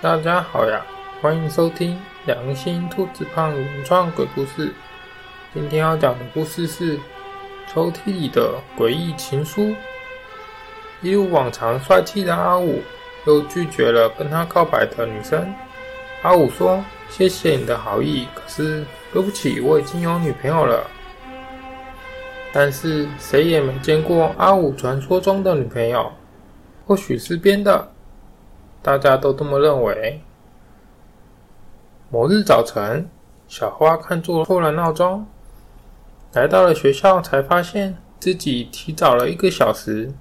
大家好呀，歡迎收聽《良心兔子胖》原創鬼故事。今天要講的故事是《抽屜裡的詭異情書》。一如往常帥氣的阿五，又拒絕了跟他告白的女生。阿五說：“謝謝你的好意，可是對不起，我已經有女朋友了。”但是誰也沒見過阿五傳說中的女朋友，或許是編的。大家都這麼認為。某日早晨，小花看錯了鬧鐘，來到了學校，才發現自己提早了一個小時。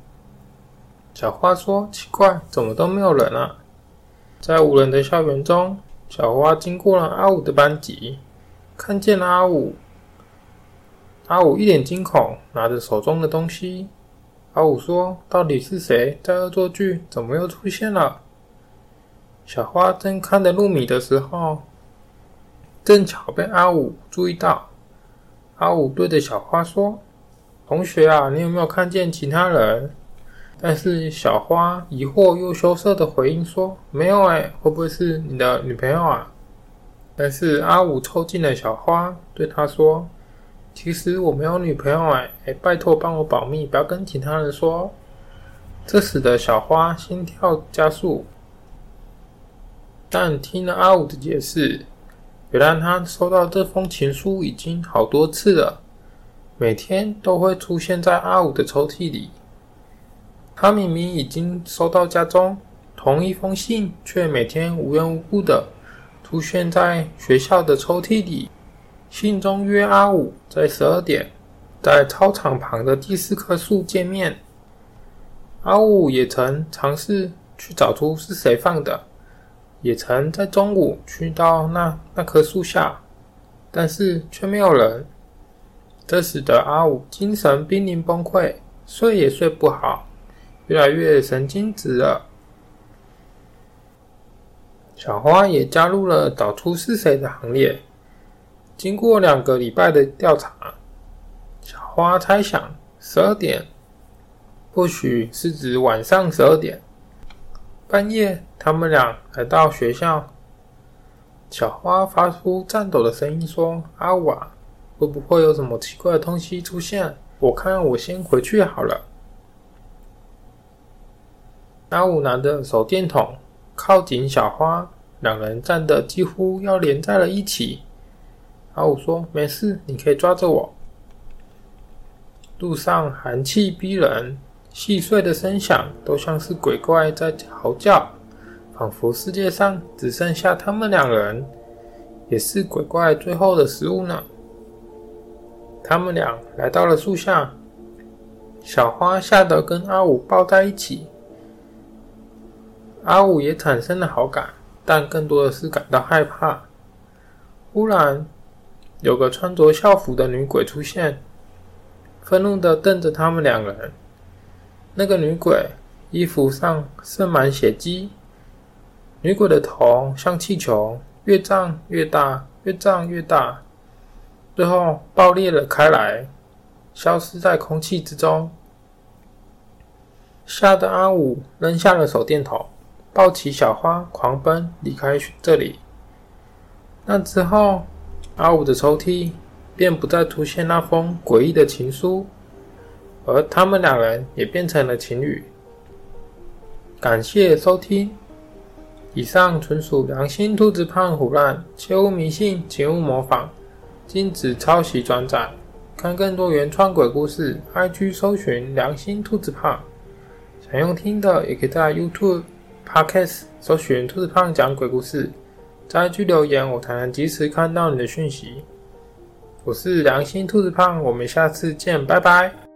小花說：“奇怪，怎麼都沒有人啊？”在無人的校園中，小花經過了阿五的班級，看見了阿五。阿五一臉驚恐，拿着手中的東西。阿五說：“到底是誰在惡作劇？怎麼又出現了？”小花正看得入迷的時候，正巧被阿五注意到。阿五對着小花說：“同學啊，你有沒有看見其他人？”但是小花疑惑又羞澀地回應說：“沒有哎，會不會是你的女朋友啊？”但是阿五湊近了小花，對她說：“其實我沒有女朋友哎，拜托幫我保密，不要跟其他人說。”這使得小花心跳加速。但聽了阿五的解釋，原來他收到這封情書已經好多次了，每天都會出現在阿五的抽屜裡。他明明已經收到家中同一封信，卻每天無緣無故的出現在學校的抽屜裡。信中約阿五在十二點，在操場旁的第四棵樹見面。阿五也曾嘗試去找出是誰放的。也曾在中午去到那那棵樹下，但是卻沒有人。這使得阿五精神瀕臨崩潰，睡也睡不好，越來越神經質了。小花也加入了找出是誰的行列。經過兩個禮拜的調查，小花猜想十二點，或許是指晚上十二點。半夜，他們倆來到學校。小花發出顫抖的聲音說：“阿五啊，會不會有什麼奇怪的東西出現？我看我先回去好了。”阿五拿着手電筒，靠近小花，兩人站得幾乎要連在了一起。阿五說：“沒事，你可以抓着我。”路上寒氣逼人。細碎的聲響都像是鬼怪在嚎叫，仿佛世界上只剩下他們兩人，也是鬼怪最後的食物呢。他們倆來到了樹下，小花嚇得跟阿武抱在一起。阿武也產生了好感，但更多的是感到害怕。忽然，有個穿着校服的女鬼出現，憤怒的瞪着他們兩個人。那個女鬼衣服上滲滿血跡，女鬼的頭像氣球，越，越脹越大，越脹越大，最後爆裂了開來，消失在空氣之中。嚇得阿五扔下了手電筒，抱起小花狂奔離開這裡。那之後，阿五的抽屜便不再出現那封詭異的情書。而他們兩人也變成了情侶。感謝收聽，以上純屬良心兔子胖唬爛，切勿迷信，請勿模仿，禁止抄襲轉載。看更多原創鬼故事，IG 搜尋良心兔子胖。想用聽的，也可以在 YouTube、Podcast 搜尋兔子胖講鬼故事。在 IG 留言，我才能及時看到你的訊息。我是良心兔子胖，我們下次見，拜拜。